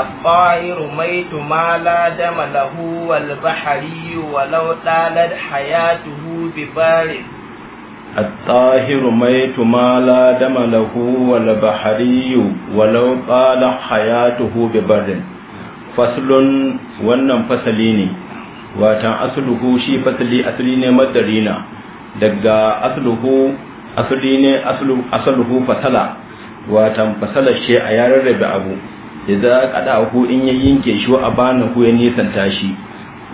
الطائر ميت ما لا دم له والبحري ولو طالت حياته ببارد الطاهر ميت ما لا دم له والبحري ولو طال حياته ببرد فصل wannan fasali ne watan asluhu shi fasali asali ne madarina daga asluhu asali ne asluhu fasala watan fasala shi a yaran abu kada hu in ya yinke shi wa abanahu ya nisanta shi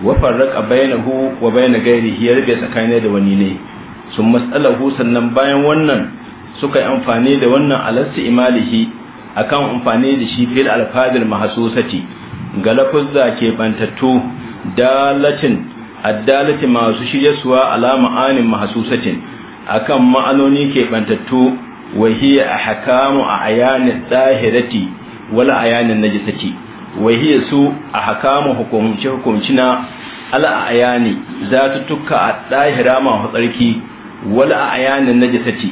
wa farraqa bainahu wa bain ghairihi ya rabe tsakanin da wani ne sun mas'alahu sannan bayan wannan suka yi amfani da wannan alassi imalihi akan amfani da shi fil alfadil mahsusati galafuz ke bantattu dalatin addalati masu shiryasuwa ala ma'anin mahsusatin akan ma'anoni ke bantattu wa hiya ahkamu ayani zahirati wala ayanin najisati wa hiya su ahkamu hukumci na ala ayani ta tukka a dahira ma hatsarki wala ayanin najisati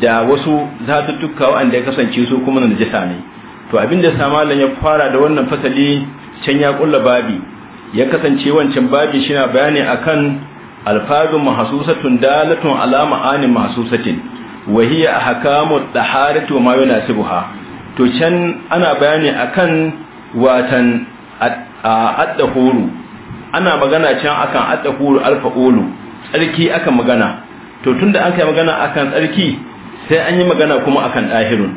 da wasu za ta tukka wanda ya kasance su kuma najisa ne to abin abinda samalan ya fara da wannan fasali can ya kulla babi ya kasance wancan babi shina bayani akan alfazun mahsusatun dalatun alama anin mahsusatin wa hiya ahkamu taharatu ma yunasibuha to can ana bayani akan watan addahuru ana magana can akan addahuru alfa'ulu tsarki aka magana to tunda an kai magana akan tsarki sai an yi magana kuma akan ɗahirun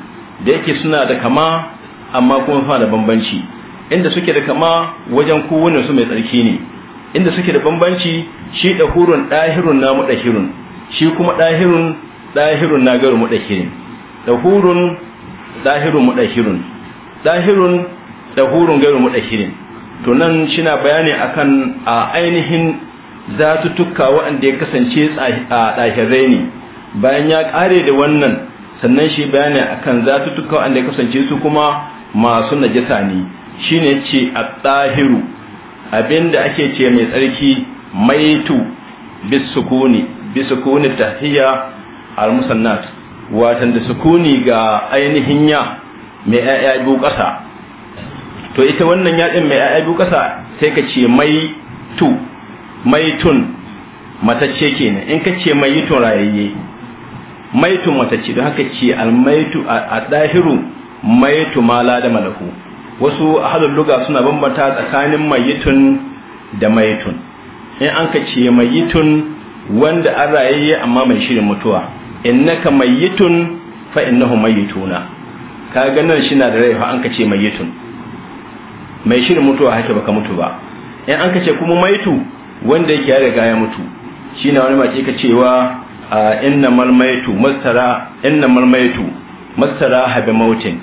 da yake suna da kama amma kuma suna da bambanci inda suke da kama wajen kowane su mai tsarki ne inda suke da bambanci shi hurun, ɗahirun na muɗahirun shi kuma ɗahirun ɗahirun na garu Da ɗahurun dahirun mudahirun dahirun dahurun gairu mudahirin to nan na bayani akan a ainihin tukka waɗanda ya kasance a ɗahirai ne bayan ya kare da wannan sannan shi bayani akan tukka waɗanda ya kasance su kuma masu najasa ne shine ce a tsahiru abinda ake ce mai tsarki maitu bisukuni bisukuni tahiyya al musannat watan da sukuni ga ainihin ya mai ya'ya biyu ƙasa to ita wannan yaɗin mai ya'ya biyu ƙasa sai ka ce mai tu mai tun matacce kenan in ka ce mai tun rayayye mai tun matacce don haka ce almaitu a ɗahiru mai tu mala da malaku. wasu ahalul luga suna bambanta tsakanin mayitun da maitun in an ka ce mayitun wanda an rayayye amma mai shirin mutuwa innaka mayyitun fa innahu mayyituna kaga nan shi na da rai fa an ce mayyitun mai shirin mutuwa haka baka mutu ba in an ce kuma maitu wanda yake ya riga ya mutu shi na wani mace ka cewa innamal maitu mastara innamal maitu mastara habi mautin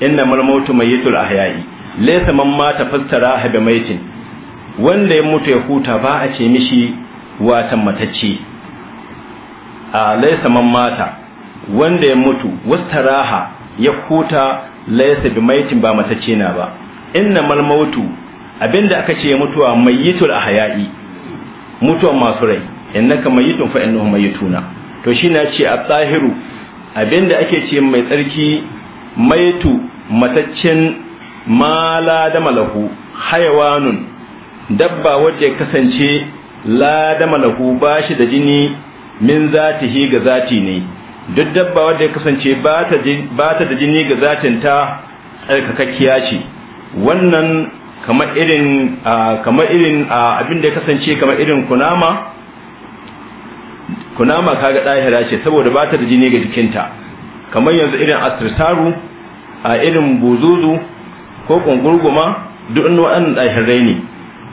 innamal mautu mayyitul ahya'i laysa man mata fastara habi maitin wanda ya mutu ya huta ba a ce mishi watan matacce a laisa man mata wanda ya mutu raha ya kuta laisa bi maitin ba ce na ba mal mautu abinda aka ce mutuwa mayyitul ahya'i mutuwa masu rai innaka mayyitun fa innahum mayyituna to shi na ce a tsahiru abinda ake ce mai tsarki maitu mataccen mala da malahu hayawanun dabba wadda ya kasance la da malahu ba shi da jini min zatihi ga zati ne duk dabba wadda ya kasance ba ta da jini ga zatin ta tsarkakakkiya ce wannan kamar irin kamar irin abin da ya kasance kamar irin kunama kunama kaga dahira ce saboda ba ta da jini ga jikinta kamar yanzu irin astrataru a irin buzuzu ko kungurguma duk waɗannan dahirai ne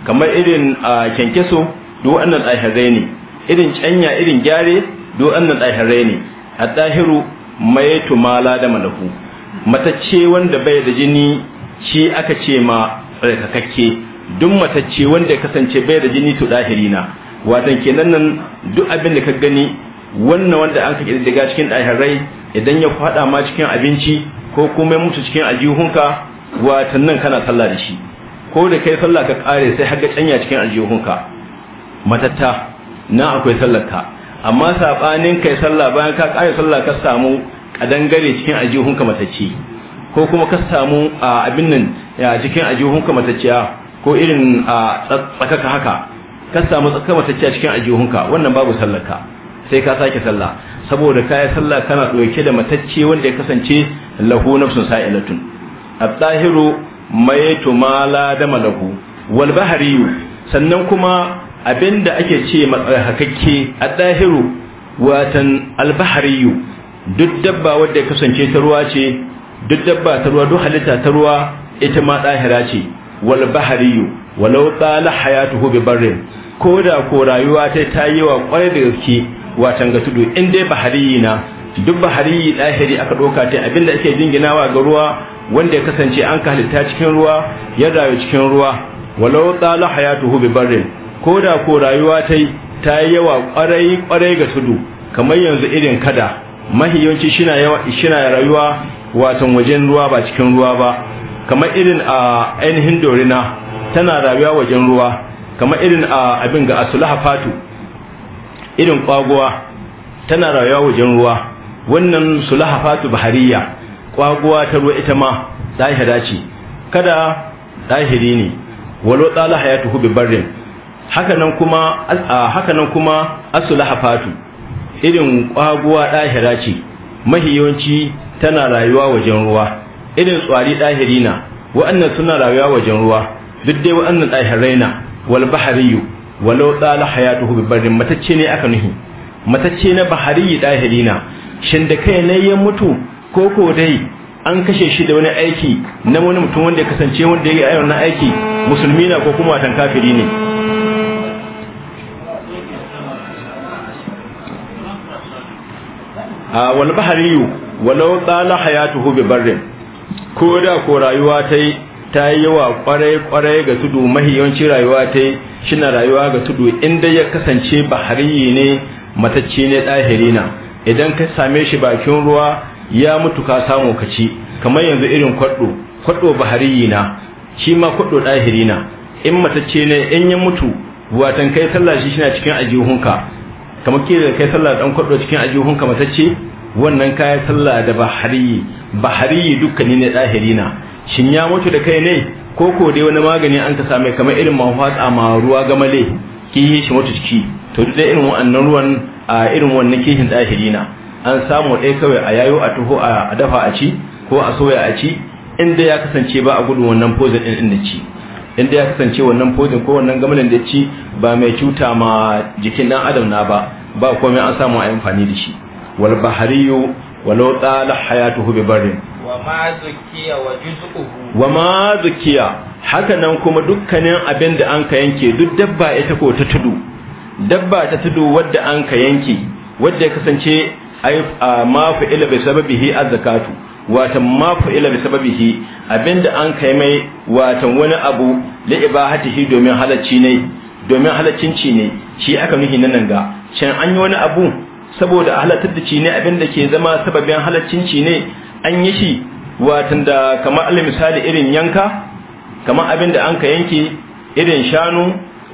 kamar irin kyankyaso duk waɗannan dahirai ne irin canya irin gyare do annan ɗahirai ne a ɗahiru mai tumala da malahu matacce wanda bai da jini shi aka ce ma tsarkakakke duk matacce wanda ya kasance bai da jini to ɗahiri na watan kenan nan duk abin da ka gani wannan wanda an ka daga cikin ɗahirai idan ya faɗa ma cikin abinci ko kuma ya mutu cikin aljihunka watan nan kana sallah da shi ko da kai sallah ka kare sai har ga canya cikin aljihunka matatta Na akwai sallarka amma sabanin kai sallah bayan ka kare sallah ka samu kadangare cikin ajihunka matacce ko kuma ka samu abin nan cikin ajihunka matacce ko irin tsakaka haka ka samu tsaka a cikin ajihunka wannan babu sallarka sai ka sake sallah saboda kayan sallah kana ɗauke da matacce wanda ya kasance lahu nafsun sa'ilatun at-tahiru maytu ma la dama wal bahriyu sannan kuma abinda ake ce eh, hakakke a dahiru watan albahariyu duk dabba wadda ya kasance ta ruwa ce duk dabba ta ruwa duk halitta ta ruwa ita ma dahira ce wal bahariyu walau tsala hayatuhu bi barrin ko da ko rayuwa ta ta yi wa kwarai da gaske watan ga tudu in dai bahariyi na duk bahariyi dahiri aka doka ta abinda ake jinginawa ga ruwa wanda ya kasance an ka halitta cikin ruwa ya rayu cikin ruwa walau tsala hayatuhu bi barrin ko da ko rayuwa ta yi ta yi yawa kwarai kwarai ga tudu kamar yanzu irin kada mahiyanci shina yawa shina rayuwa watan wajen ruwa ba cikin ruwa ba kamar irin a ainihin dorina tana rayuwa wajen ruwa kamar irin a abin ga asulaha fatu irin kwaguwa tana rayuwa wajen ruwa wannan sulaha fatu bahariya kwaguwa ta ruwa ita ma zahira ce kada zahiri ne walau tsala hayatuhu bi barrin hakanan kuma hakanan kuma asulahafatu irin kwaguwa dahira ce mahiyonci tana rayuwa wajen ruwa irin tsari dahirina na wa'annan suna rayuwa wajen ruwa duk dai wa'annan dahiraina na wal bahariyu walau tsala hayatuhu bi barrin matacce ne aka nuhi matacce na bahariyi dahiri na shin da kai ne ya mutu ko ko dai an kashe shi da wani aiki na wani mutum wanda ya kasance wanda ya yi ayyana aiki musulmi na ko kuma watan kafiri ne wal bahariyu walau tsala hayatuhu bi barrin ko da ko rayuwa ta yi yawa kwarai kwarai ga tudu mahiyanci rayuwa ta yi shina rayuwa ga tudu inda ya kasance bahariyi ne matacce ne ɗahiri na idan ka same shi bakin ruwa ya mutu ka samu ka ci kamar yanzu irin kwaɗo kwaɗo bahariyi na shi ma kwaɗo ɗahiri na in matacce ne in ya mutu watan kai sallah shi na cikin ajihunka kamar ke da kai sallah dan kwado cikin ajihun kamar tace wannan kayan sallah da bahari bahari dukkani ne zahirina shin ya mutu da kai ne ko ko dai wani magani an ta same kamar irin mafatsa ma ruwa gamale ki yi shi mutu ciki to duk dai irin wannan ruwan a irin wannan kihin zahirina an samu dai kawai a yayo a tuho a dafa a ci ko a soya a ci inda ya kasance ba a gudu wannan pozin din inda ci inda ya kasance wannan pozin ko wannan gamalin da ci ba mai cuta ma jikin dan adam na ba ba komai an samu a amfani da shi wal bahariyu walau tsala hayatuhu bi barin wa ma zukiya haka nan kuma dukkanin abin da an ka yanke duk dabba ita ko ta tudu dabba ta tudu wadda an ka yanke wadda ya kasance a ila bai sababi sababihi a zakatu watan bai sababi hi sababihi abinda an yi mai watan wani abu la ibahatihi domin halacci ne domin halaccin ci ne shi aka nuhi na nan ga shin an yi wani abu saboda a halatar da ci ne abin da ke zama sababin halaccin ci ne an yi shi watan da kamar alal misali irin yanka kamar abin da an ka yanke irin shanu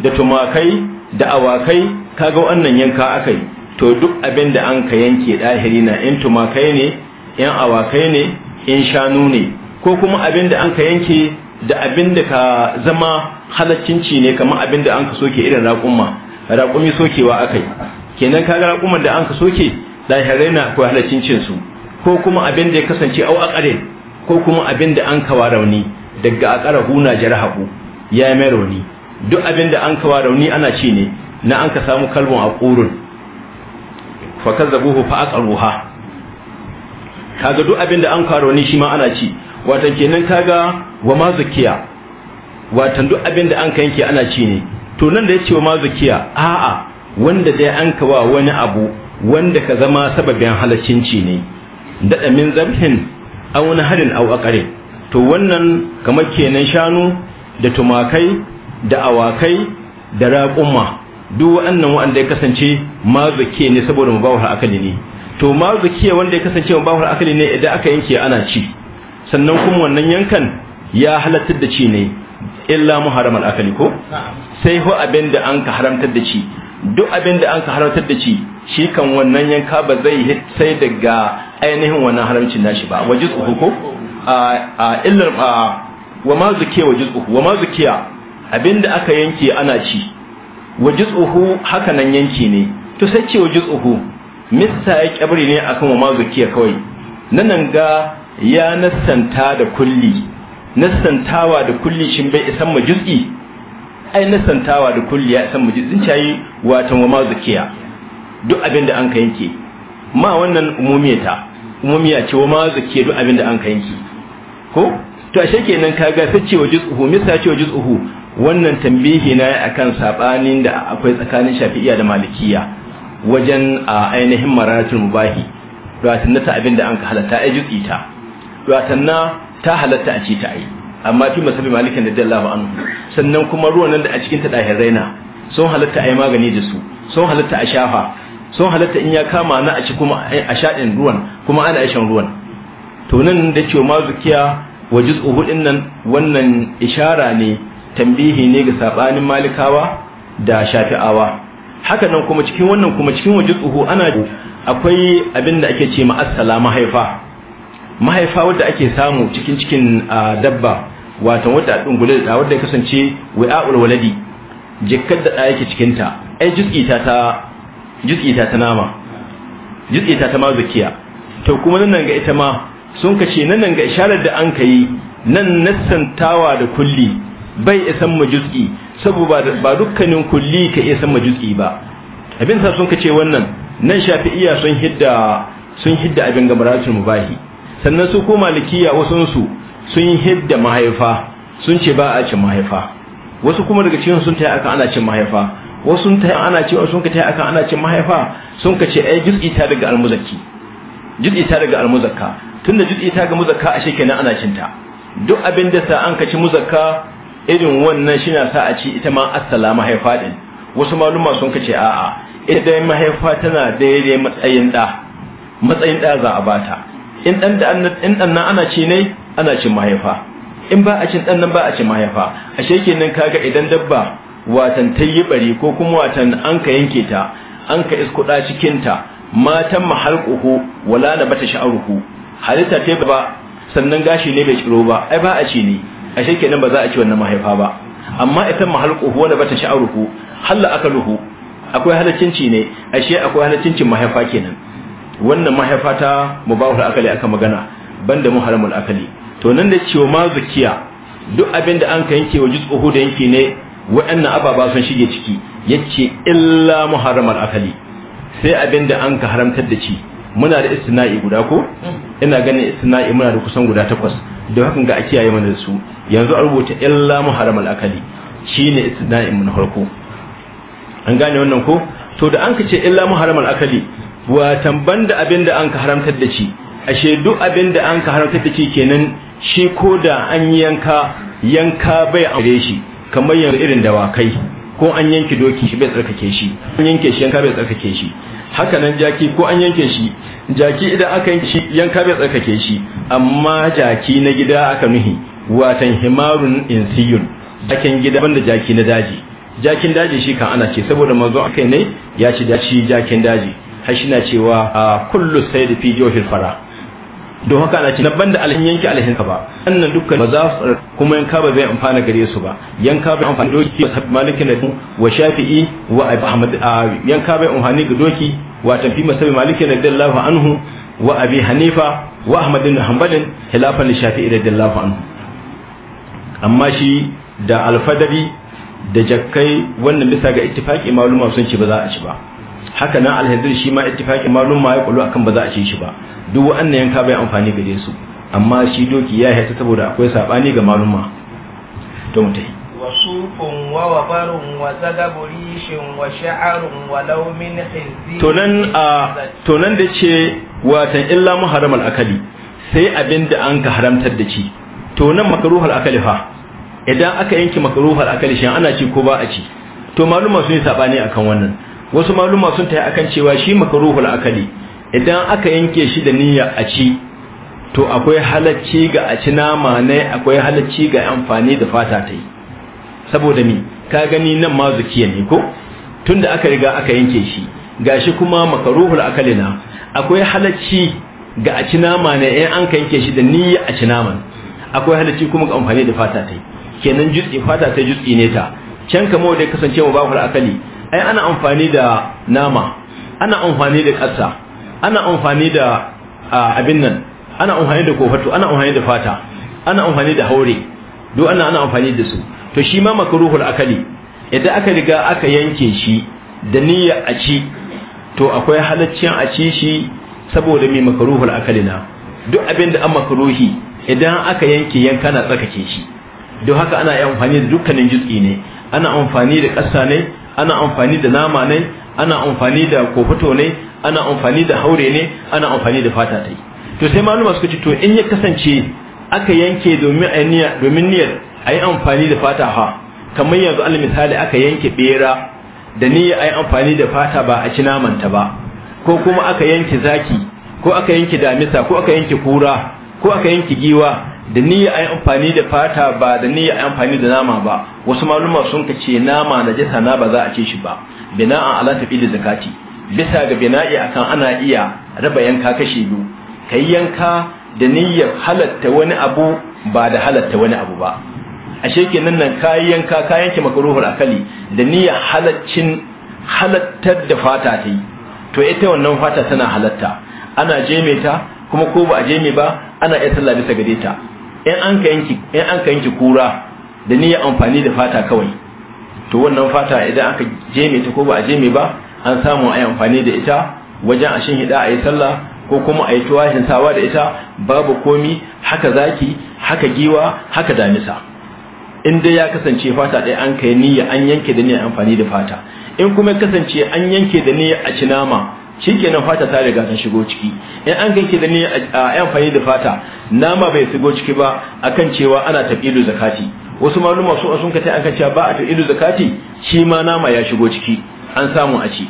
da tumakai da awakai kaga wannan yanka akai to duk abin da an ka yanke ɗahiri na in tumakai ne in awakai ne in shanu ne ko kuma abin da an ka yanke da abin da ka zama ci ne kamar abin da an ka soke irin raƙumma raƙumi sokewa akai kenan kaga raƙuman da an ka soke lahirai na akwai halaccin cin su ko kuma abin da ya kasance au aqarin ko kuma abin da an kawa rauni daga akara huna jarahu ya mai rauni duk abin da an kawa rauni ana ci ne na an ka samu kalbun aqurun fa kazzabuhu fa aqaruha kaga duk abin da an kawa rauni shi ma ana ci watan kenan kaga wa ma zakiya watan duk abin da an ka yanke ana ci ne to nan da ya ce wa ma a'a wanda dai an kawa wani abu wanda ka zama sababin halaccinci ne daɗa min zabhin aw harin aw akare to wannan kamar kenan shanu da tumakai da awakai da raƙumma duk wa'annan wa'anda ya kasance ma zakiya ne saboda mubawar akali ne to ma wanda ya kasance mubawar akali ne idan aka yanke ana ci sannan kuma wannan yankan ya halattar da ci ne illa muharram akali ko sai hu abin da an ka haramtar da shi duk abin da an ka haramtar da shi shi kan wannan yanka ba zai sai daga ainihin wannan haramcin nashi ba wa uku ko a illar wa ma zuke wa uku wa ma zukiya abin da aka yanke ana ci wa uku haka nan yanke ne to sai ce wa uku mista ya kabri ne akan wa ma zukiya kawai nan ga ya nassanta da kulli nassantawa da kulli shin bai isan ma ai nasantawa da kulliya san mu ji sun cayi watan wa mazukiya duk abin da an ka yanke ma wannan umumiyata umumiya ce wa mazukiya duk abin da an ka yanke ko to ashe kenan kaga ga sace wa juz'uhu misa ce wa juz'uhu wannan tambihi na akan sabanin da akwai tsakanin shafi'iyya da malikiya wajen a ainihin maratul mubahi wato ta abin da an ka halatta ai juz'i ta wato ta halatta a ce ta ai amma fi masabi malikin da dalla ba'an sannan kuma ruwan nan da a cikin ta dahirai raina sun halatta a yi magani da su sun halatta a shafa sun halatta in ya kama na a ci kuma a shaɗin ruwan kuma ana shan ruwan to nan da cewa ma zukiya wa juz'u din nan wannan ishara ne tambihi ne ga sabanin malikawa da shafi'awa haka nan kuma cikin wannan kuma cikin wa juz'u ana akwai abin da ake ce ma assala mahaifa mahaifa wadda ake samu cikin cikin dabba wato wadda dungule da wadda ya kasance wa'ul waladi jikkar da da yake cikin ta ai juz'ita ta juz'ita ta nama juz'ita ta mazukiya to kuma nan ga ita ma sun kace nan ga isharar da an kai nan nassantawa da kulli bai isan mu jiski saboda ba dukkanin kulli ka iya san jiski ba abin sa sun kace wannan nan shafi'iyya sun hidda sun hidda abin gamaratul mubahi sannan su ko malikiya wasunsu sun hidda mahaifa sun ce ba a cin mahaifa wasu kuma daga cikin sun taya akan ana cin mahaifa wasu sun taya ana cewa sun ka taya akan ana cin mahaifa sun ka ce ai juz'i ta daga almuzakki juz'i ta daga almuzakka tunda juz'i ta ga muzakka a shekenan ana cin ta duk abin da sa an ka ci muzakka irin wannan shi na sa a ci ita ma assala mahaifa din wasu maluma sun ka ce a'a idan mahaifa tana daidai matsayin da matsayin da za a bata in dan da in dan nan ana ce ne ana cin mahaifa in ba a cin dan nan ba a cin mahaifa ashe kenan kaga idan dabba watan ta yi bari ko kuma watan an ka yanke ta an ka iskuda cikin ta matan mahalquhu wala na bata sha'ruhu halitta ta ba sannan gashi ne bai tsiro ba ai ba a ce ne ashe kenan ba za a ci wannan mahaifa ba amma ita mahalquhu wala bata sha'ruhu halla akaluhu akwai halaccin ci ne ashe akwai halaccin cin mahaifa kenan wannan mahaifa ta mubahul akali aka magana banda muharramul akali to nan da cewa ma zakiya duk abin da an ka yanke wa juz'uhu da yanke ne waɗannan ababa sun shige ciki yace illa muharramul akali sai abin da an ka haramtar da ci muna da istina'i guda ko ina ganin istina'i muna da kusan guda takwas da hakan ga a kiyaye mana da su yanzu a rubuta illa muharramul akali shine istina'in mun harko an gane wannan ko to da an ka ce illa muharramal akali watan banda abin da an ka haramtar da shi ashe duk abin da an ka haramtar da shi kenan shi ko da an yanka yanka bai amfare shi kamar yanzu irin dawakai ko an yanke doki shi bai tsarkake shi an yanke shi yanka bai tsarkake shi haka nan jaki ko an yanke shi jaki idan aka yanke shi yanka bai tsarkake shi amma jaki na gida aka nuhi watan himarun insiyun jakin gida banda jaki na daji jakin daji shi kan ana ce saboda manzo akai ne ya ci daci jakin daji har shi na cewa ah, kullu saydi fi jawhil fara don haka ana ce labban da alhin yanki alhin ka ba annan dukkan ba za su kuma yanka ba bai amfana gare su ba yanka bai amfani doki wa malikin da wa shafi'i wa ahmad ah, yanka bai amfani ga doki wa tafi masabi malikin da radiyallahu anhu wa abi hanifa wa ahmad bin hanbal khilafan shafi'i da radiyallahu anhu amma shi da alfadari da jakkai wannan bisa ga ittifaqi maluma sun ce ba za a ci ba haka nan alhadir shi ma ittifaki malum ma ya kullu akan ba za a ci shi ba duk wannan yanka bai amfani gare su amma shi doki ya haita saboda akwai sabani ga malum to mutai wasufun wa wabarun wa zagaburishin wa sha'arun wa laumin hizbi to nan a to nan da ce watan illa muharram al-akali sai abin da an ka haramtar da ci to nan al akali fa idan aka yanke al akali shin ana ci ko ba a ci to maluma sun yi sabani akan wannan wasu maluma sun yi akan cewa shi makaruhul akali idan aka yanke shi da niyya a ci to akwai halacci ga a ci nama ne akwai halacci ga amfani da fata ta yi saboda mi ka gani nan ma zukiya ne ko tunda aka riga aka yanke shi gashi kuma makaruhul akali na akwai halacci ga a ci nama ne in an ka yanke shi da niyya a ci naman akwai halacci kuma ga amfani da fata ta yi kenan jutsi fata ta jutsi ne ta can kamo da kasance mu akali ai ana amfani da nama ana amfani da ƙasa ana amfani da abin nan ana amfani da kofato ana amfani da fata ana amfani da haure duk ana ana amfani da su to shi ma makruhul akali idan aka riga aka yanke shi da niyya a ci to akwai halaccin a ci shi saboda mai makruhul akali na duk abin da an makruhi idan aka yanke yanka na tsakake shi don haka ana amfani da dukkanin jutsi ne ana amfani da ƙasa ne ana amfani da nama ne ana amfani da kofato ne ana amfani da haure ne ana amfani da fata ta yi to sai maluma suka ce to in ya kasance aka yanke domin a domin niyyar a yi amfani da fata ha kamar yanzu al misali aka yanke bera da niyyar a yi amfani da fata ba a ci naman ta ba ko kuma aka yanke zaki ko aka yanke damisa ko aka yanke kura ko aka yanke giwa da niyya yi amfani da fata ba da niyya yi amfani da nama ba wasu maluma sun ka ce nama na jasa na ba za a ce shi ba bina'an ala tafi da zakati bisa ga bina'i akan ana iya raba yanka kashe biyu kai yanka da niyyar halatta wani abu ba da halatta wani abu ba ashe kenan nan kayi yanka ka yanke makaruhul akali da niyyar halaccin halattar da fata ta yi to ita wannan fata tana halatta ana jeme ta kuma ko ba a jeme ba ana iya sallah bisa gare ta in an ka yanki in an ka kura da niyyar amfani da fata kawai to wannan fata idan aka jeme ta ko ba a jeme ba an samu ayi amfani da ita wajen a shin hida a yi sallah ko kuma a yi tuwahin sawa da ita babu komi haka zaki haka giwa haka damisa in dai ya kasance fata ɗaya an yi niyya an yanke da niyyar amfani da fata in kuma kasance an yanke da niyyar a ci nama shikenan fata ta riga ta shigo ciki in an ganke da ni a yan fani da fata nama bai shigo ciki ba akan cewa ana tafidu zakati wasu maluma su sun kace an kace ba a tafidu zakati shi ma nama ya shigo ciki an samu a ci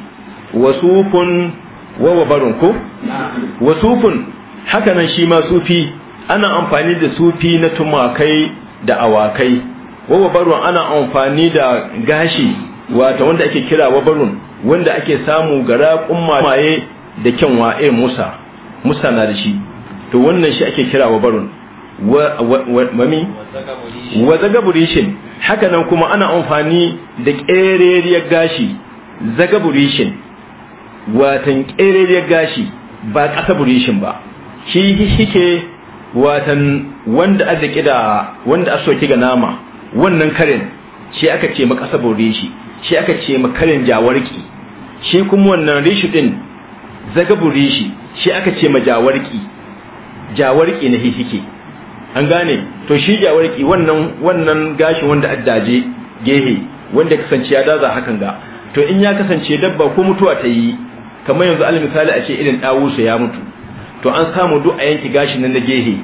wasufun wa wabarun ko wasufun haka nan shi ma sufi ana amfani da sufi na tumakai da awakai wabarun ana amfani da gashi wato wanda ake kira wabarun wanda ake samu ga raƙun maye da kyanwa wa'e musa musa na da shi to wannan shi ake kira wa barun wami wa zagaburishin haka nan kuma ana amfani da ƙereriyar gashi zagaburishin watan ƙereriyar gashi ba ƙasa burishin ba shi hike watan wanda a da wanda a ga nama wannan karin shi aka ce makasa burishi shi aka ce makalin jawarki shi kuma wannan rishi din zagabu rishi shi aka ce majawarki jawarki na hihike an gane to shi jawarki wannan wannan gashin wanda addaje gehe wanda kasance ya daza hakan ga to in ya kasance dabba ko mutuwa ta yi kamar yanzu alal misali a ce irin dawusu ya mutu to an samu duk a yanki gashin nan na gehe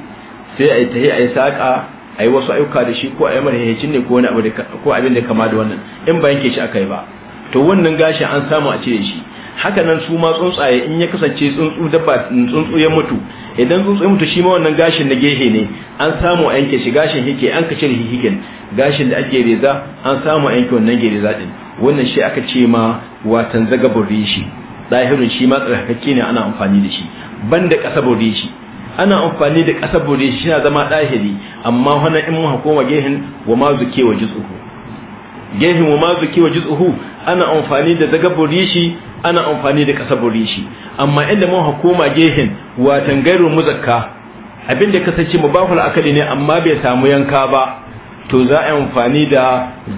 sai a yi tahi a yi saƙa a yi wasu ayyuka da shi ko a yi ne ko wani abu ko abin da kama da wannan in ba yanke shi aka yi ba to wannan gashi an samu a cire shi haka nan su ma tsuntsaye in ya kasance tsuntsu dabba tsuntsu ya mutu idan tsuntsu ya mutu shi ma wannan gashin na gehe ne an samu a yanke shi gashin hike, an ka cire hihigen gashin da ake reza an samu a yanke wannan gereza din wannan shi aka ce ma watan zagabin rishi ɗahirin shi ma tsarkakakke ne ana amfani da shi banda kasa shi. ana amfani da ƙasa bude shi na zama ɗahiri amma wannan in muka koma gehin wa ma zuke wa hu, gehin wa ma zuke wa hu ana amfani da daga bude shi ana amfani da ƙasa bude shi amma inda muka koma gehin watan gairu muzakka abin da kasance mubahul akali ne amma bai samu yanka ba to za a amfani da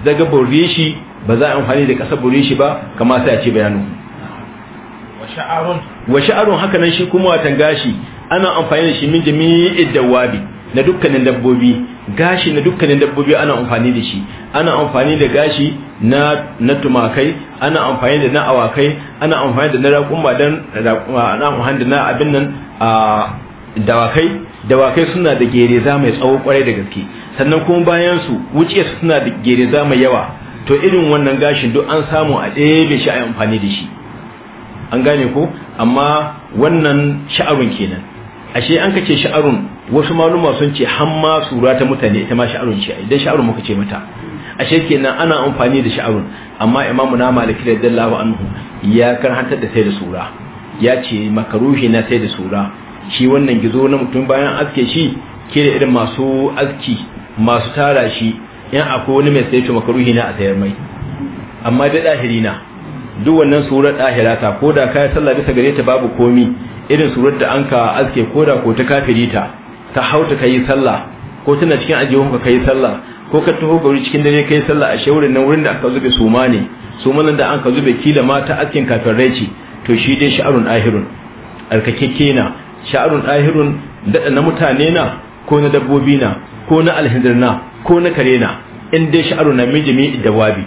daga bude shi ba za a amfani da ƙasa bude shi ba sai ya ce bayanu wa sha'arun haka nan shi kuma watan gashi ana amfani da shi min jami'id dawabi na dukkanin dabbobi gashi na dukkanin dabbobi ana amfani da shi ana amfani da gashi na na tumakai ana amfani da na awakai ana amfani da na raƙumma dan ana amfani da na abin nan a dawakai dawakai suna da gereza mai tsawo kwarai da gaske sannan kuma bayan su wuce suna da gereza mai yawa to irin wannan gashin duk an samu a ɗebe shi a amfani da shi an gane ko amma wannan sha'arun kenan ashe an kace sha'arun wasu maluma sun ce hamma sura ta mutane ita ma sha'arun ce idan sha'arun muka ce mata ashe kenan ana amfani da sha'arun amma imamu na maliki dallahu anhu ya karhantar da sai da sura ya ce makaruhi na sai da sura shi wannan gizo na mutum bayan aske shi ke da irin masu aski masu tara shi yan akwai wani mai sai to makaruhi na a sayar mai amma da dahirina duk wannan surar dahira ta ko da kayan sallah bisa gare ta babu komi irin surar da an ka aske koda ko ta kafiri ta ta hauta kai sallah ko tana cikin ajiyun ka kai sallah ko ka taho gauri cikin dare kai sallah a shaurin nan wurin da aka zube suma ne suma nan da an ka zube kila ma ta askin kafirai ce to shi dai sha'arun ahirun alkakekke na sha'arun ahirun daɗa na mutane na ko na dabbobi na ko na alhindir ko na kare na in dai sha'arun na miji jami'i dawabi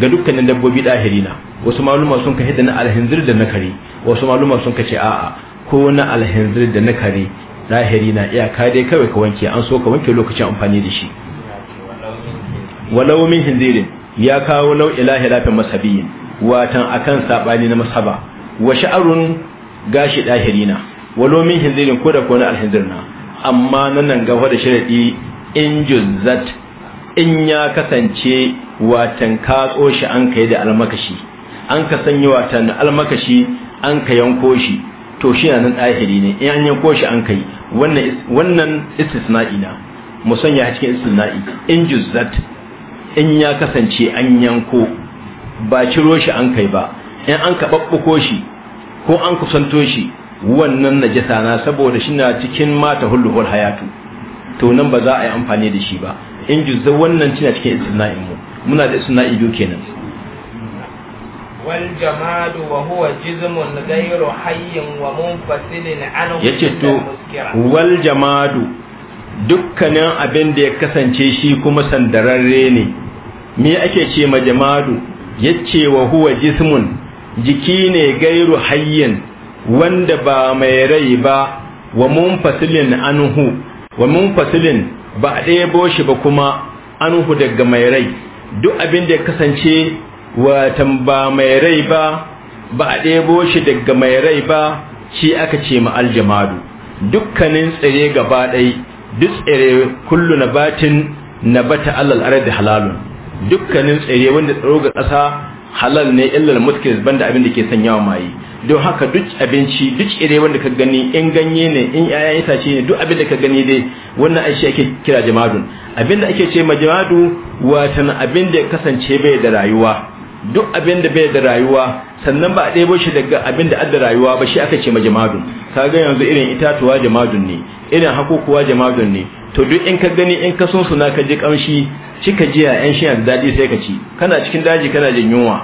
ga dukkanin dabbobi dahiri na wasu maluma sun ka hidda na alhindir da na kare wasu maluma sun ka ce a'a ko na alhinzir da na kare zahiri na iyaka dai kawai ka wanke an so ka wanke lokacin amfani da shi walau min hinzirin ya kawo lau ilahi lafin masabiyin watan akan sabani na masaba wa sha'arun gashi dahiri na walau min hinzirin ko da ko na alhindir na amma nan gaba da sharadi in juzzat in ya kasance watan ka tsoshi an kai da almakashi an ka sanya watan almakashi an ka yanko shi to shi nan ɗahiri ne in an yanko shi an kai wannan istisna'i na musan ya cikin istisna'i in juzzat in ya kasance an yanko ba ciro shi an kai ba in an kaɓaɓɓuko shi ko an kusanto shi wannan najasa na saboda shi na cikin mata hulluhul hayatu to nan ba za a yi amfani da shi ba in juzza wannan cikin istisna'in mu muna da istisna'i biyu kenan والجمال وهو جزم غير حي ومنفصل عنه والجماد dukkanin abin da ya kasance shi kuma sandararre ne me ake ce ma jamadu yace wa huwa jismun jiki ne gairu hayyin wanda ba mai rai ba wa munfasilin anhu wa munfasilin ba a ɗebo shi ba kuma anhu daga mai rai duk abin da ya kasance watan ba mai rai ba ba a ɗebo shi daga mai rai ba shi aka ce ma aljamadu dukkanin tsire gaba ɗai duk tsire kullu na batin na bata allal arar da halalun dukkanin tsire wanda tsaro ga ƙasa halal ne illal muskil banda abin da ke sanyawa mayi don haka duk abinci duk tsire wanda ka gani in ganye ne in 'ya'ya yayan itace ne duk abin da ka gani dai wannan shi ake kira jamadun abin da ake ce ma jamadu watan abin da ya kasance bai da rayuwa duk abin da bai da rayuwa sannan ba a ɗebo shi daga abin da adda rayuwa ba shi aka ce ma jamadun ga yanzu irin itatuwa jamadun ne irin hakukuwa jamadun ne to duk in ka gani in ka sun suna ka ji kamshi cika jiya yan shi da daɗi sai ka ci kana cikin daji kana jin yunwa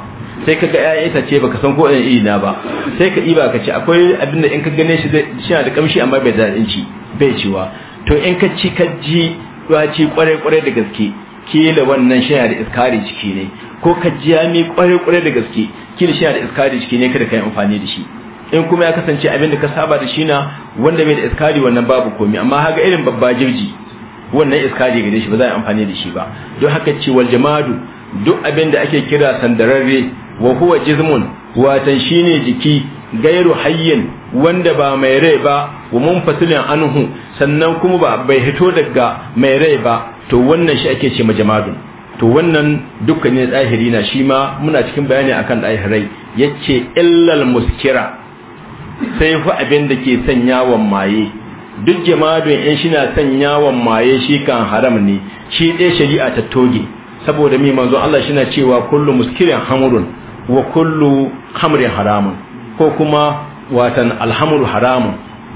sai ka ga ƴaƴan itace baka san ko in iri na ba sai ka ɗiba ka ci akwai abin da in ka gane shi shi da kamshi amma bai daɗin ci bai ciwa to in ka ci ka ji ci kwarai kwarai da gaske kila wannan shaya da iskari ciki ne ko ka mai kwarai kwarai da gaske kila shi da iskari ciki ne kada ka yi amfani da shi in kuma ya kasance abin da ka saba da shi na wanda mai da iskari wannan babu komai amma haga irin babba jirji wannan iskari gare shi ba za a yi amfani da shi ba don haka ce wal jamadu duk abin da ake kira sandararre wa huwa jizmun watan shine jiki gairu hayyin wanda ba mai rai ba wa munfasilin anhu sannan kuma ba bai hito daga mai rai ba to wannan shi ake ce majamadun to wannan dukkan ne zahiri na shi ma muna cikin bayani akan zahirai yace illal muskira sai fa abin da ke sanyawan maye duk jama'adun in shi na sanyawan maye shi kan haram ne shi dai shari'a ta toge saboda mai manzo Allah shi na cewa kullu muskirin hamurun wa kullu hamrin haramun ko kuma watan alhamru haramun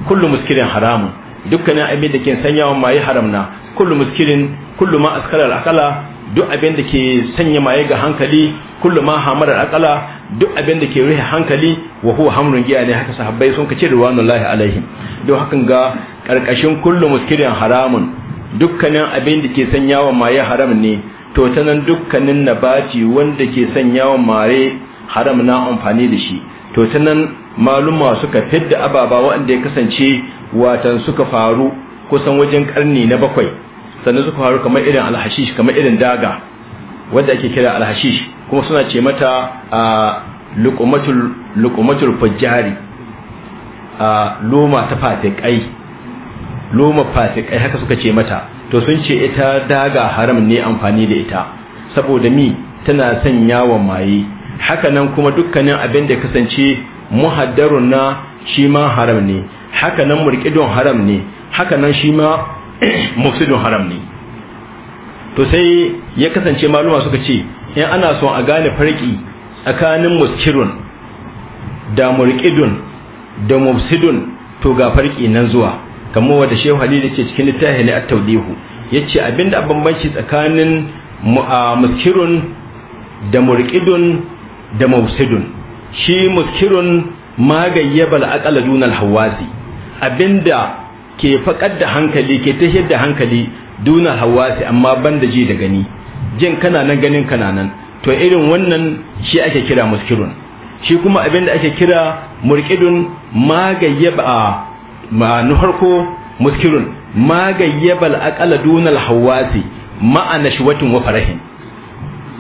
kullu muskirin haramun dukkanin abin da ke sanyawan maye haram na kullu muskirin kullu ma askara akala duk abin da ke sanya maye ga hankali kullu ma hamara akala duk abin da ke rufe hankali wa huwa hamrun giya ne haka sahabbai sun kace ruwanullahi alaihim don hakan ga karkashin kullu muskirin haramun dukkanin abin da ke sanya wa maye haram ne to ta nan dukkanin nabaci wanda ke sanya wa mare haram na amfani da shi to ta nan maluma suka fidda ababa wanda ya kasance watan suka faru kusan wajen karni na bakwai sannan suka faru kamar irin alhashish kamar irin daga wanda ake kira alhashish kuma suna ce mata a lukumatul lukumatul a loma ta fatikai loma fatikai haka suka ce mata to sun ce ita daga haram ne amfani da ita saboda mi tana son yawon maye hakanan kuma dukkanin abin da kasance muhaddarun na shi ma haram ne hakanan murkidon haram ne hakanan nan shi ma mufsidun haram ne to sai ya kasance maluma suka ce in ana son a gane farki tsakanin muskirun da murkidun da mufsidun to ga farki nan zuwa kamo wanda Shehu Halil ce cikin littafi ne at-tawdihu yace abinda bambanci tsakanin muskirun da murkidun da mufsidun shi muskirun magayyabal aqla dunal hawazi abinda ke faƙar da hankali ke tashar da hankali duna sai amma ban da ji da gani jin kana nan ganin kana nan to irin wannan shi ake kira muskirun shi kuma abin da ake kira murkidun magayyaba ma nuharko muskirun magayyabal aqala dunal hawasi ma'ana shwatin wa farahin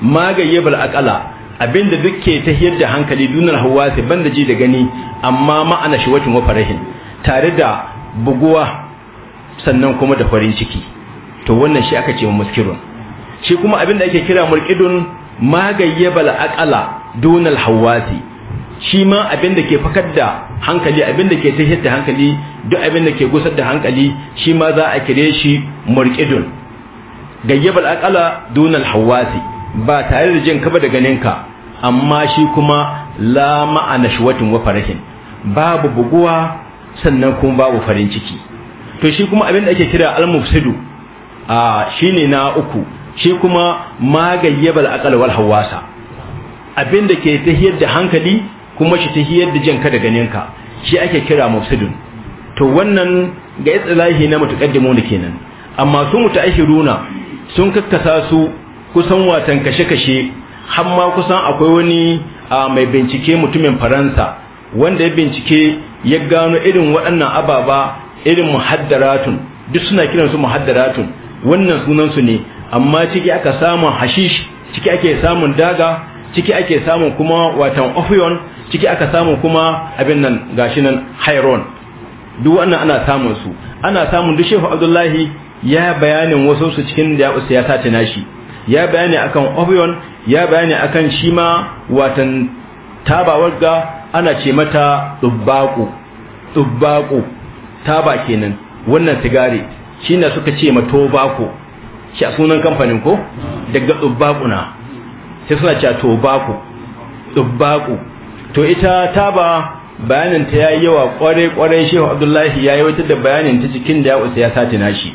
magayyabal aqala da duk ke ta da hankali dunar hawasi da ji da gani amma ma'ana shwatin wa farahin tare da buguwa sannan kuma da farin ciki to wannan shi aka ce muskirun shi kuma abin da ake kira murkidun magayyabal aqala dunal hawasi shi ma abin da ke fakar da hankali abin da ke tahiyar da hankali duk abin da ke gusar da hankali shi ma za a kire shi murkidun gayyabal aqala dunal hawasi ba tare da jin kaba da ganinka amma shi kuma la ma'ana shuwatin wa farahin babu buguwa sannan kuma babu farin ciki to shi kuma abin da ake kira al-mufsidu a shine na uku shi kuma magayyabal aqal wal hawasa abin da ke tahiyar da hankali kuma shi tahiyar da jinka da ganinka shi ake kira mufsidun to wannan ga itsilahi na mutaqaddimu ne kenan amma su mutaahiruna sun kakkasa su kusan watan kashe-kashe har ma kusan akwai wani mai bincike mutumin faransa wanda ya bincike ya gano irin waɗannan ababa irin muhaddaratun duk suna kiran su muhaddaratun wannan sunansu ne amma ciki aka samu hashish ciki ake samun daga ciki ake samun kuma watan opium ciki aka samu kuma abin nan gashi nan hairon duk wannan ana samun su ana samun duk shehu abdullahi ya bayanin wasu su cikin da ya sace nashi ya bayani akan ofion ya bayani akan shima watan tabawar ga ana ce mata dubbaku dubbaku taba kenan wannan sigari shi na suka ce ma tobako shi a sunan kamfanin ko daga dubbakuna sai suna cewa tobako dubbaku to ita taba bayanin ta yayi yawa kware kware shehu abdullahi yayi wata da bayanin ta cikin da ya usa ya sati nashi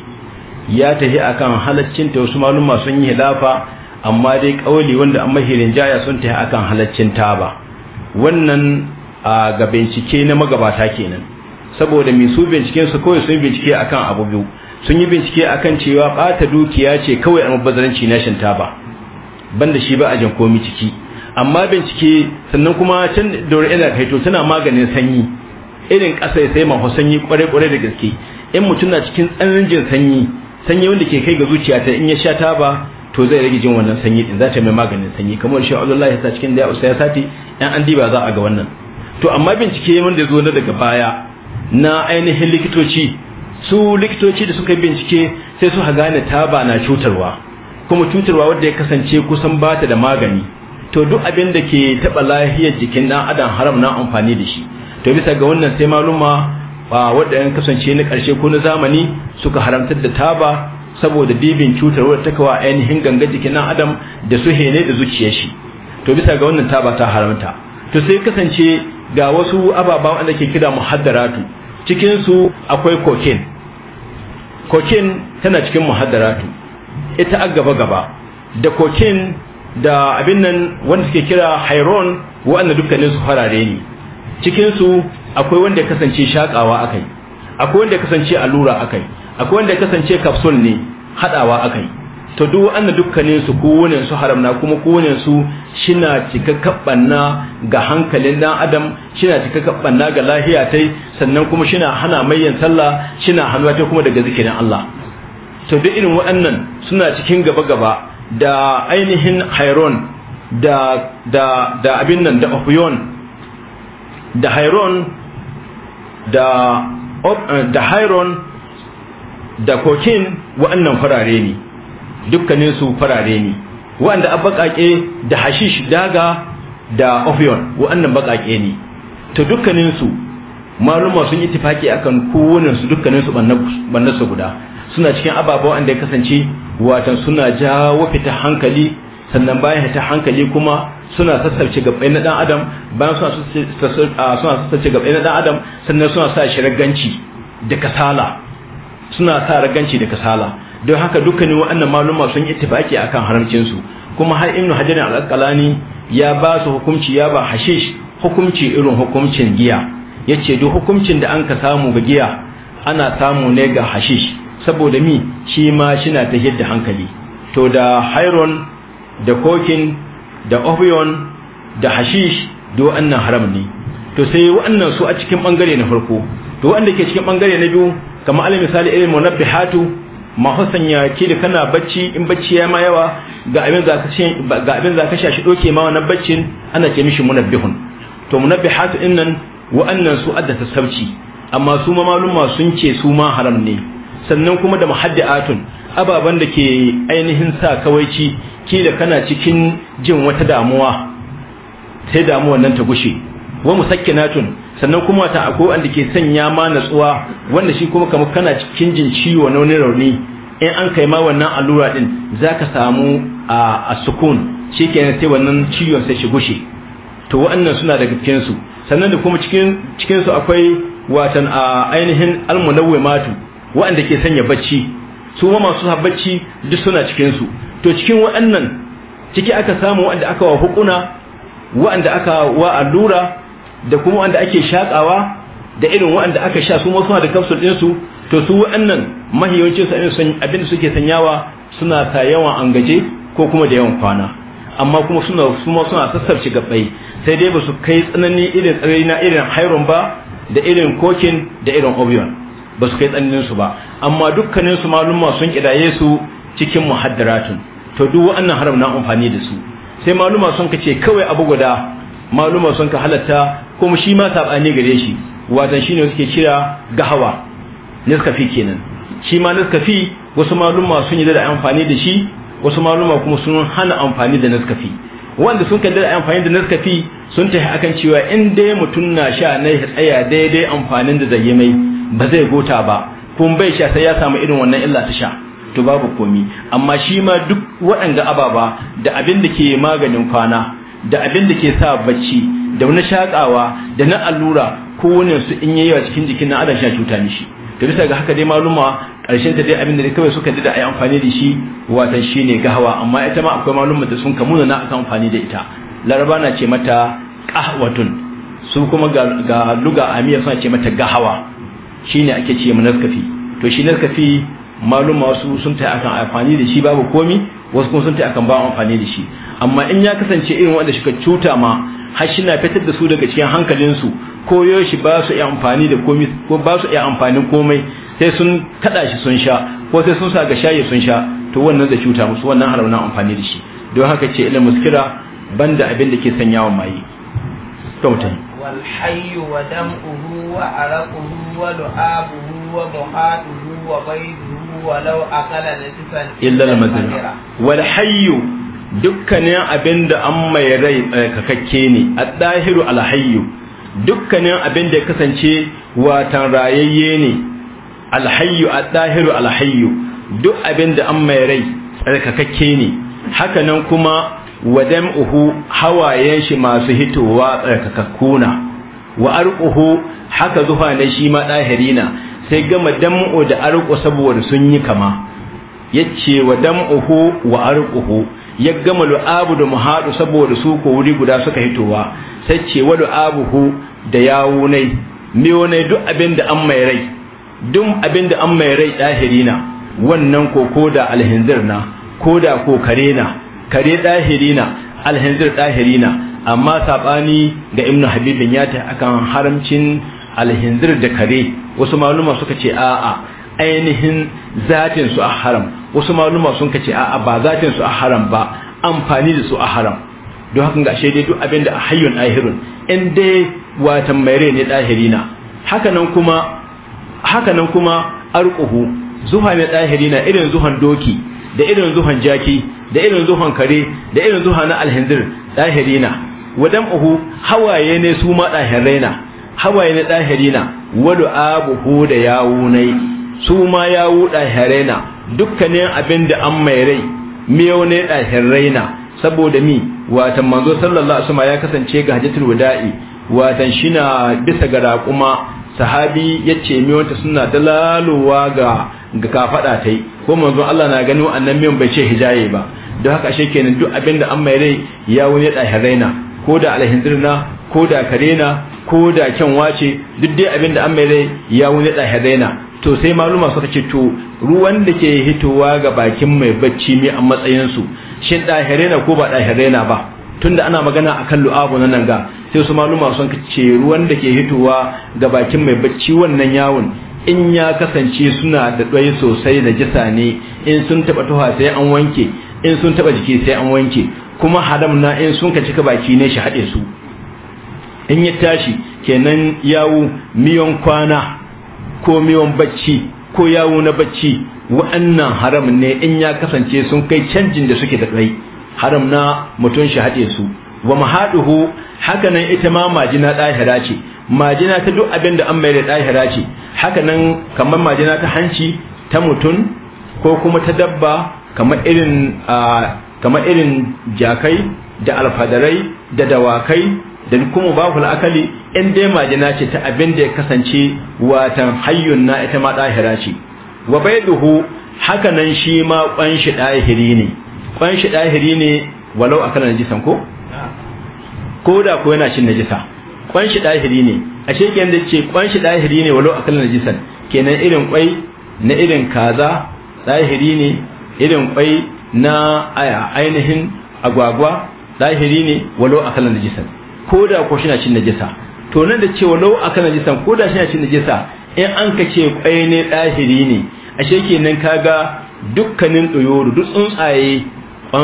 ya tafi akan halaccin ta wasu malumma sun yi hilafa amma dai kauli wanda an mahirin jaya sun tafi akan halaccin taba wannan ga bincike na magabata kenan saboda mai su binciken su kawai sun bincike akan abu biyu sun yi bincike akan cewa bata dukiya ce kawai almubazzaranci na shan taba banda shi ba a jan komi ciki amma bincike sannan kuma can daura ina kaito tana maganin sanyi irin ƙasa ya sai mafi sanyi kware-kware da gaske in mutum na cikin tsananin sanyi sanyi wanda ke kai ga zuciya ta in ya sha taba to zai rage jin wannan sanyi din za ta mai maganin sanyi kamar shi Abdullahi ta cikin da ya sati yan an diba za a ga wannan to amma bincike mun da zo na daga baya na ainihin likitoci su likitoci da suka bincike sai su gane taba na cutarwa kuma cutarwa wanda ya kasance kusan bata da magani to duk abin da ke taba lahiyar jikin dan adam haram na amfani da shi to bisa ga wannan sai maluma ba wadda kasance na karshe ko na zamani suka haramtar da taba saboda bibin cutar wadda ta kawa ainihin ganga jikin nan adam da su hene da zuciyar shi to bisa ga wannan taba ta haramta to sai kasance ga wasu ababa wanda ke kira muhaddaratu cikin su akwai kokin kokin tana cikin muhaddaratu ita a gaba gaba da kokin da abin nan wanda suke kira hairon waɗanda dukkanin su farare ne cikin su akwai wanda kasance shakawa akai akwai wanda kasance allura akai akwai wanda ya kasance kapsul ne hadawa akai to duk wanda dukkanin su kowane su haramna kuma kowane su shina cika kabbanna ga hankalin dan adam shina cika kabbanna ga lahiya tai sannan kuma shina hana mayyan sallah shina hanwa tai kuma daga zikirin Allah to duk irin waɗannan suna cikin gaba gaba da ainihin hairon da da da abin nan da ofiyon da hairon da da hairon da kokin wa'annan farare ne dukkanin su farare ne wa'anda bakake da hashish daga da opion wa'annan bakake ne to dukkanin su maluma sun ittifaki akan kowannen su dukkanin su bannan su guda suna cikin ababa wanda ya kasance watan suna jawo fita hankali sannan bayan ta hankali kuma suna sassarce gabai na dan adam bayan suna sassarce gabai na dan adam sannan suna sa shiraganci da kasala suna sa raganci da kasala don haka dukkanin waɗannan maluma sun tafaki a kan haramcinsu kuma har inu hajjarin al ya ba su hukunci ya ba hashish hukumci irin hukumcin giya Ya ce duk hukuncin da an ka samu ga giya ana samu ne ga hashish saboda mi shi ma shi na ta hidda hankali to da hairon da kokin da opion da hashish do annan haram ne to sai wa'annan su a cikin ɓangare na farko to wanda ke cikin ɓangare na biyu kama alal misali irin munabbihatu masu sanya ke da kana bacci in bacci ya ma yawa ga abin za ka ce ga abin za ka doke ma wannan baccin ana ce mishi munabbihun to munabbihatu innan wa'annan su adda tasabci amma su ma malumma sun ce su ma haram ne sannan kuma da muhaddiatun ababen da ke ainihin sa kawaici ke da kana cikin jin wata damuwa sai damuwar nan ta gushe wa musakkinatun sannan kuma wata akwai wanda ke sanya ma natsuwa wanda shi kuma kamar kana cikin jin ciwo na wani rauni in an kai ma wannan allura din za ka samu a sukun shikenan sai wannan ciwon sai shi gushe to wa'annan suna daga cikin su sannan da kuma cikin cikin su akwai watan a ainihin matu wa'anda ke sanya bacci su ma masu habacci duk suna cikin su to cikin wa'annan ciki aka samu wa'anda aka wa hukuna wa'anda aka wa allura da kuma wanda ake shakawa da irin wanda aka sha su suna da kapsul ɗinsu to su wa'annan mahiyancin su abinda suke sanyawa suna ta yawan angaje ko kuma da yawan kwana amma kuma suna ma suna sassarci gabbai sai dai ba su kai tsananin irin tsarai na irin hairon ba da irin kokin da irin obion ba su kai tsananin su ba amma dukkanin su malumma sun kidaye su cikin muhaddaratun to duk wa'annan haram na amfani da su sai maluma sun kace kawai abu guda maluma sun ka halatta kuma shi ma sabani gare shi watan ne suke kira gahawa niskafi kenan shi ma niskafi wasu maluma sun yi da amfani da shi wasu maluma kuma sun hana amfani da niskafi wanda sun kalli amfani da niskafi sun tafi akan cewa in dai mutum na sha na tsaya daidai amfanin da zai mai ba zai gota ba kuma bai sha sai ya samu irin wannan illa ta sha to babu komi amma shi ma duk waɗanda ababa da abin da ke maganin kwana da abin da ke sa bacci da na shakawa da na allura kowane su in yayi a cikin jikin na adam shi cuta mishi to bisa ga haka dai maluma karshen ta dai abin da kawai suka da ayi amfani da shi watan ne gahawa amma ita ma akwai maluma da sun kamuna na aka amfani da ita laraba na ce mata qahwatun su kuma ga luga amiya suna ce mata gahawa shine ake ce munaskafi to shi naskafi maluma wasu sun ta akan amfani da shi babu komi wasu kuma sun ta akan ba amfani da shi amma in ya kasance irin wanda suka cuta ma har na fitar da su daga cikin hankalinsu ko yoshi ba su iya amfani da komai ko ba su iya amfanin komai sai sun kada shi sun sha ko sai sun saka shaye shayi sun sha to wannan da cuta musu wannan haramna amfani da shi don haka ce ilmu muskira banda abin da ke sanyawa maye to mutai wal hayy wa dam'uhu wa araquhu wa lu'abuhu wa muhaduhu wa bayduhu wa law aqala najisan illa al wal hayyu dukkanin abin da an mai rai kakakke ne a ɗahiru alhayyu dukkanin abin da ya kasance watan rayayye ne alhayyu a ɗahiru alhayyu duk abin da an mai rai tsarkakakke ne hakanan kuma wadam uhu hawayen shi masu hitowa tsarkakakkuna wa arƙuhu haka zuwa na shi ma ɗahiri na sai gama dam'u da arqu saboda sun yi kama yace wa dam'uhu wa arƙuhu ya gama lu'abu da muhadu saboda su ko wuri guda suka hitowa sai ce wa lu'abuhu da yawo nai miyo nai duk abin da an mai rai duk abin da an mai rai dahiri na wannan ko koda alhinzir na koda ko kare na kare ɗahirina na alhinzir ɗahiri na amma saɓani ga ibnu habibin ya ta akan haramcin alhinzir da kare wasu maluma suka ce a'a ainihin zatin su a haram wasu maluma sun kace a ba zatin su a haram ba amfani da su a haram don haka ga dai duk abin da a hayyun ahirun in dai watan mai rai ne ɗahiri na hakanan kuma hakanan kuma arquhu zuha mai ɗahiri na irin zuhan doki da irin zuhan jaki da irin zuhan kare da irin zuha na alhindir ɗahiri na wadan uhu hawaye ne su ma ɗahirai na hawaye ne ɗahiri na wadu abuhu da yawu nai su ma yawu ɗahirai na dukkanin abin da an mai rai miyo ne ɗahin raina saboda mi watan manzo sallallahu alaihi wasallam ya kasance ga hajjatul wada'i watan shina bisa ga raƙuma sahabi yace ce mi suna dalalowa ga ga kafada tai ko manzo Allah na gani wannan miyan bai ce hijaye ba don haka shi kenan duk abin da an mai rai ya wuni da raina ko da alhindirna ko da karena ko da kyanwa ce duk dai abin da an mai rai ya wuni da raina to sai maluma suka ce to ruwan da ke hitowa ga bakin mai bacci mai an matsayinsu. su shin dahirai na ko ba dahirai na ba tunda ana magana a kan lu'abu na nan ga sai su maluma sun ce ruwan da ke hitowa ga bakin mai bacci wannan yawon in ya kasance suna da ɗwai sosai da jisa ne in sun taɓa tuha sai an wanke in sun taɓa jiki sai an wanke kuma haram na in sun ka cika baki ne shi haɗe su in ya tashi kenan yawo miyan kwana ko miyon bacci ko yawo na bacci wa'annan haram ne in ya kasance sun kai canjin da suke da kai haram na mutum shi haɗe su wa mahaduhu haka nan ita ma majina ɗahira ce majina ta duk abin da an mai da ɗahira ce haka nan kamar majina ta hanci ta mutum ko kuma ta dabba kamar irin kamar irin jakai da alfadarai da dawakai Dan kuma babu akali in dai majina ce ta abin da ya kasance watan hayyun na ita ma ɗahira ce wa baiduhu haka nan shi ma shi ɗahiri ne shi ɗahiri ne walau a kan najisan ko ko da ko yana cin najisa shi ɗahiri ne a shekin da ce shi ɗahiri ne walau a kan najisan kenan irin ƙwai na irin kaza ɗahiri ne irin ƙwai na ainihin agwagwa ɗahiri ne walau a kan najisan ko da ko shi na cin najisa to nan da cewa lau akan jisan ko da shi na cin najisa in an ka ce kwai ne ɗahiri ne ashe kenan kaga dukkanin ɗoyoro duk tsuntsaye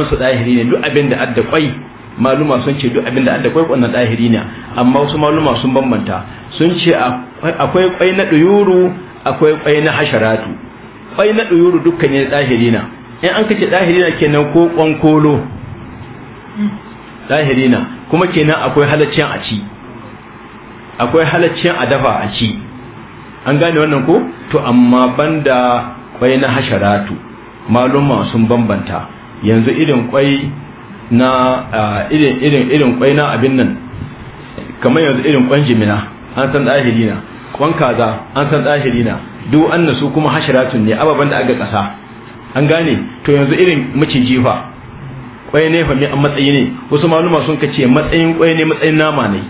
su ɗahiri ne duk abin da adda kwai maluma sun ce duk abin da adda kwai kwanan ɗahiri ne amma wasu maluma sun bambanta sun ce akwai kwai na ɗoyoro akwai kwai na hasharatu kwai na ɗoyoro dukkan ne ɗahiri na in an kace ɗahiri na kenan ko kwankolo ɗahiri na kuma kenan akwai halaccin a ci akwai halaccin a dafa a ci an gane wannan ko to amma banda kwai na hasharatu maluma sun bambanta yanzu irin kwai na irin irin irin kwai na abin nan kamar yanzu irin kwan jimina an san zahiri na kwan kaza an san zahiri na duk annasu kuma hasharatu ne ababen da aga kasa an gane to yanzu irin maciji fa kwaye ne fami me an matsayi ne wasu maluma sun kace matsayin kwaye ne matsayin nama ne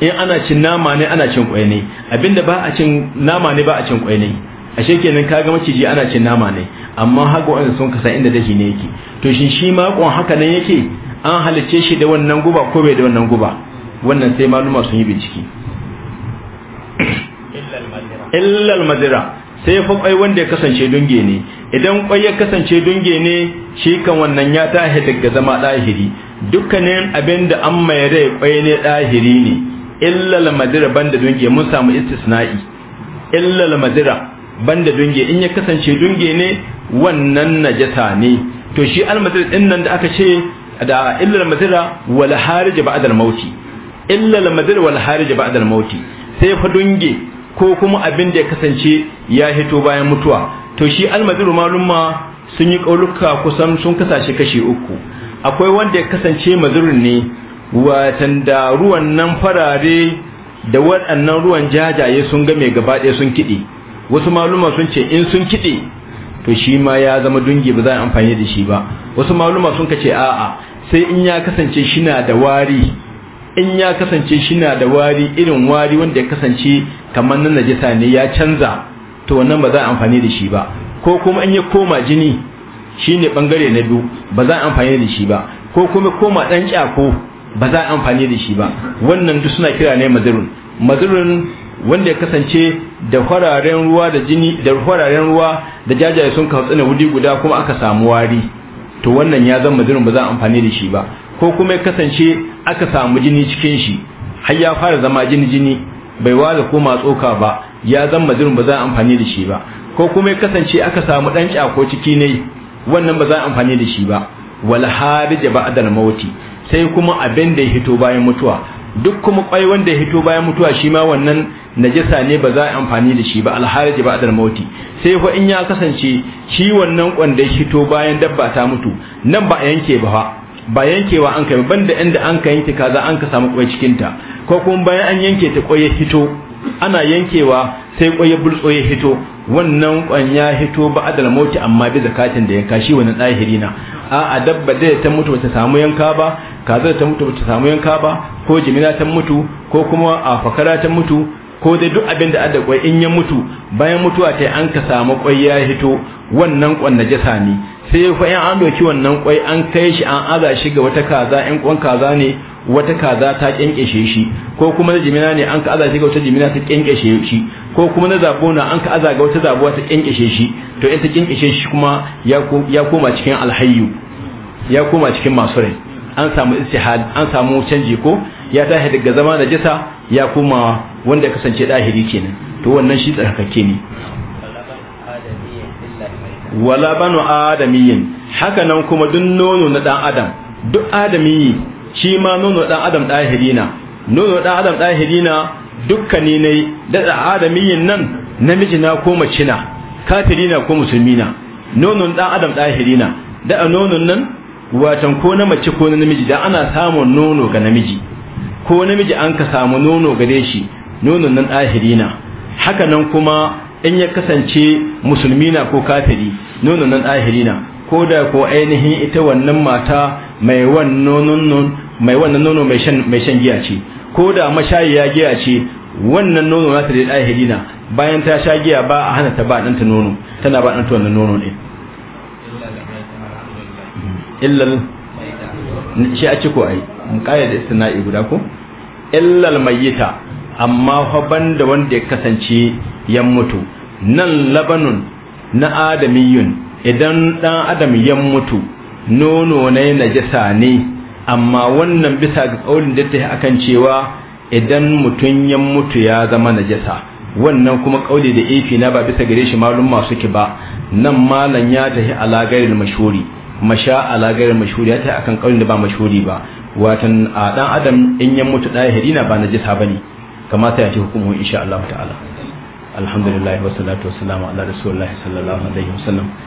in ana cin nama ne ana cin kwaye ne abinda ba a cin nama ne ba a cin kwaye ne ashe kenan ga maciji ana cin nama ne amma haka wanda sun kasa inda dashi ne yake to shin shi ma kon haka nan yake an halice shi da wannan guba ko bai da wannan guba wannan sai maluma sun yi bincike illa al-madira sai fa kwai wanda ya kasance dunge ne idan kwai ya kasance dunge ne shi kan wannan ya tahi daga zama dahiri dukkanin abin da an mai rai kwai ne dahiri ne illa madira banda dunge mun samu istisna'i illa madira banda dunge in ya kasance dunge ne wannan najata ne to shi almadir din nan da aka ce da illa madira wal harij ba'da al-mauti illa madira wal harij ba'da al-mauti sai fa dunge ko kuma abin da ya kasance ya hito bayan mutuwa to shi almaziru malumma sun yi ƙauluka kusan sun kasashe kashi uku akwai wanda ya kasance mazurin ne watan da ruwan nan farare da waɗannan ruwan jajaye sun mai gaba ɗaya sun kiɗi wasu maluma sun ce in sun kiɗi to shi ma ya zama dungi ba za a amfani da shi ba wasu maluma sun ce a'a sai in ya kasance shina da wari in ya kasance shi na da wari irin wari wanda ya kasance kamar na najisa ne ya canza to wannan ba za a amfani da shi ba ko kuma in ya koma jini shine bangare na biyu ba za a amfani da shi ba ko kuma koma dan kyako ba za a amfani da shi ba wannan duk suna kira ne mazurun mazurun wanda ya kasance da fararen ruwa da jini da fararen ruwa da jajaye sun kawo tsina wudi guda kuma aka samu wari to wannan ya zama mazurun ba za a amfani da shi ba ko kuma ya kasance aka samu jini cikin shi har ya fara zama jini jini bai wala koma tsoka ba ya zama zirin ba za a amfani da shi ba ko kuma ya kasance aka samu dan ko ciki ne wannan ba za a amfani da shi ba wal harija ba'dal mauti sai kuma abin da ya hito bayan mutuwa duk kuma kwai wanda ya hito bayan mutuwa shi ma wannan najasa ne ba za a amfani da shi ba al ba ba'dal mauti sai fa in ya kasance shi wannan kwanda ya hito bayan dabba ta mutu nan ba a yanke ba ba yankewa an kai banda inda an ka yanke kaza an ka samu kwai cikin ta ko kuma bayan an yanke ta kwai ya hito ana yankewa sai kwai ya bulso ya hito wannan kwan ya hito ba adal mauti amma bi zakatin da yanka shi wannan dahiri na a a dabba da ta mutu ta samu yanka ba kaza ta mutu ta samu yanka ba ko jimina ta mutu ko kuma a fakara ta mutu ko dai duk abin da adda kwai in ya mutu bayan mutuwa ta an ka samu kwai ya hito wannan kwan jasa ne sai fa fa'in an doki wannan kwai an kai shi an aza shi ga wata kaza in kwan kaza ne wata kaza ta kyankyashe shi ko kuma na jimina ne an ka aza shi ga wata jimina ta kyankyashe shi ko kuma na na an ka aza ga wata zabuwa ta kyankyashe shi to in ta kyankyashe shi kuma ya koma cikin alhayyu ya koma cikin masu rai an samu istihad an samu canji ko ya tashi daga zama na jisa ya koma wanda ya kasance dahiri kenan to wannan shi tsarkake ne wala banu adamiyin haka nan kuma duk nono na dan adam duk adamiyi shi ma nono dan adam dahiri na nono dan adam dahiri na dukkani ne da adamiyin nan namiji na ko mace na kafiri na ko musulmi na nono dan adam dahiri na da nonon nan watan ko na mace ko na namiji da ana samun nono ga namiji ko namiji an ka samu nono gare shi nunun nan ɗahirina haka nan kuma in ya kasance musulmi na ko kafiri nunun nan ɗahirina ko da ko ainihin ita wannan mata mai wannan nono mai shan giya ce ko da mashayiya giya ce wannan nono na ta da ɗahirina bayan ta sha giya ba a hana ta ba ɗanta nono tana ba ɗanta wannan nono ne illal shi a ci ko ai mu ƙayyade istina'i guda ko illal mayyita amma fa da wanda ya kasance ya mutu nan labanun na adamiyun idan dan adam ya mutu nono ne najasa ne amma wannan bisa ga kaulin da ta akan cewa idan mutum ya mutu ya zama najasa wannan kuma kauli da ifi na ba bisa gare shi malum masu ki ba nan malan ya tahi ala gairil mashhuri masha ala gairil mashhuri ya tahi akan kaulin da ba mashhuri ba watan a dan adam in ya mutu dai hadina ba najasa bane kamata ya ce hukumu insha Allah ta'ala alhamdulillah wa salatu wa salamu ala rasulillah sallallahu alaihi wasallam